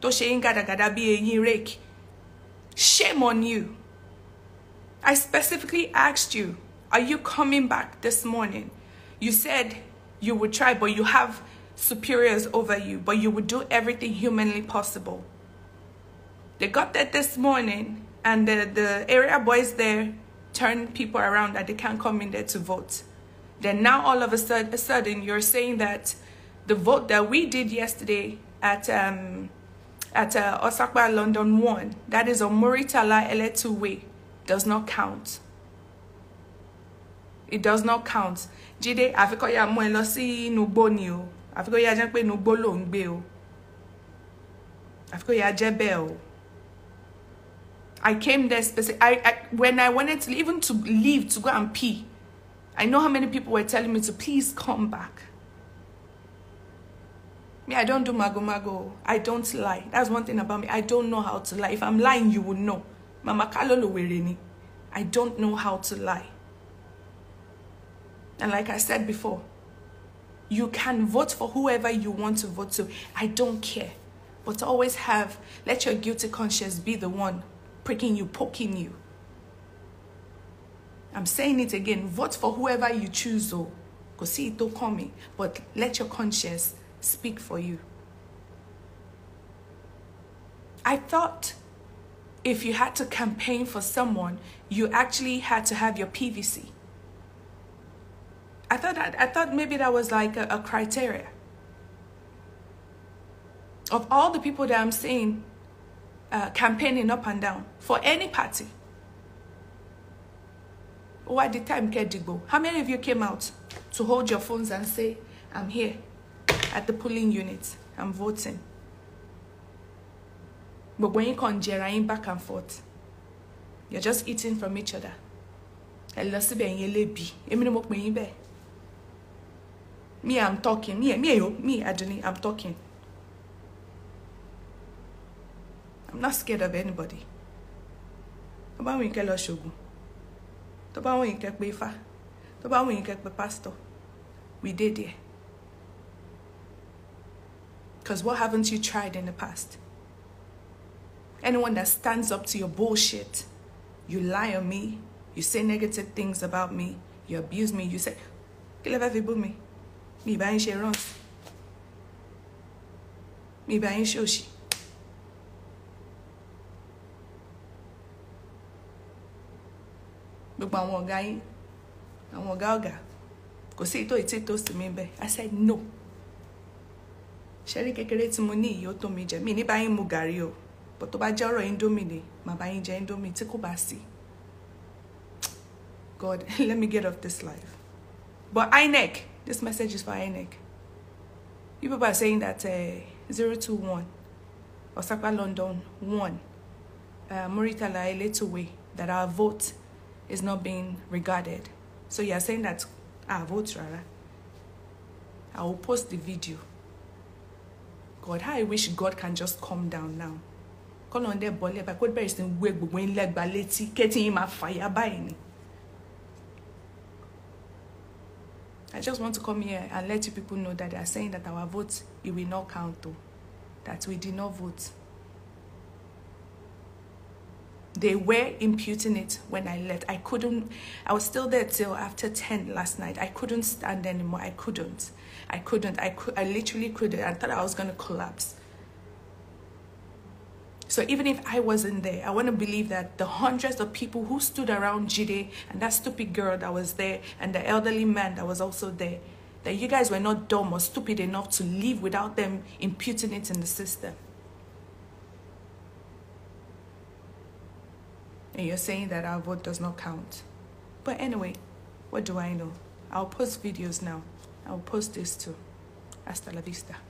tó ṣe yín bí eyín rake shame on you I specifically asked you are you coming back this morning you said you would try but you have superiors over you but you would do everything humanly possible they got there this morning and the, the area boys there turned people around that they can't come in there to vote. Then now all of a sudden, a sudden you're saying that the vote that we did yesterday at um, at uh, Osakwa London 1, that is on Muritala Eletu Way, does not count. It does not count. Jide, àfikọ́yà mú ẹ lọ sí Nugbo ni o. Àfikọ́yà jẹ́ pé Nugbo ló ń o. Àfikọ́yà jẹ́ bẹ́ẹ̀ o. I came there specifically I, I when I wanted to even to leave to go and pee, I know how many people were telling me to please come back. Me, I don't do mago mago. I don't lie. That's one thing about me. I don't know how to lie. If I'm lying, you will know. Mama Kalolo Wereni. I don't know how to lie. And like I said before, you can vote for whoever you want to vote to. I don't care. But always have, let your guilty conscience be the one pricking you, poking you. I'm saying it again. Vote for whoever you choose, though. Because see, it don't call me. But let your conscience speak for you. I thought if you had to campaign for someone, you actually had to have your PVC. I thought that I thought maybe that was like a, a criteria. Of all the people that I'm seeing uh, campaigning up and down for any party, or the time Kedigo, how many of you came out to hold your phones and say, "I'm here"? at the polling unit i'm voting But when you jẹra yín back and forth you're just eating from each other ẹ lọ síbẹ̀ yín elébi èmi ni me i'm talking me me yo me Adunni i'm talking i'm not scared of anybody Toba bá wùn kẹ́ lọ ṣògùn tó bá wùn kẹ́ pé ifá tó bá wùn we dey there. Because what haven't you tried in the past? Anyone that stands up to your bullshit, you lie on me, you say negative things about me, you abuse me, you say, Kileva vibu me, me ba inche runs, mi ba inche oshi. gbogbo àwọn ọ̀gá yín sí mi bẹ́ẹ̀ I said no ṣẹ́rí kékeré tí mo ní ìyí ó tó mi jẹ mí ní bá yín mu gàrí o bó tó yin gari jẹ́ ọ̀rọ̀ indomie ni màá bá jẹ indomie tí kò bá sí God let me get off this life but INEC this message is for INEC you people are saying that eh, zero two one Osapa London one uh, Muritala Eletowe that our vote is not being regarded so you are saying that our ah, vote rara I will post the video God how I wish God can just come down now kọ́nà dẹ̀ bọ́lẹ̀ báyìí kó bẹ̀rẹ̀ sí wé gbogbo yín lẹ́gba létí kétí yín máa fàyà báyìí ni. I just want to come here and let you people know that they are saying that our vote it will not count o that we did not vote. they were imputing it when I left. I couldn't, I was still there till after 10 last night. I couldn't stand anymore. I couldn't. I couldn't. I, I literally couldn't. I thought I was going to collapse. So even if I wasn't there, I want to believe that the hundreds of people who stood around Jide and that stupid girl that was there and the elderly man that was also there, that you guys were not dumb or stupid enough to leave without them imputing it in the system. and you're saying that our vote does not count. But anyway, what do I know? I'll post videos now. I'll post this too. Hasta la vista.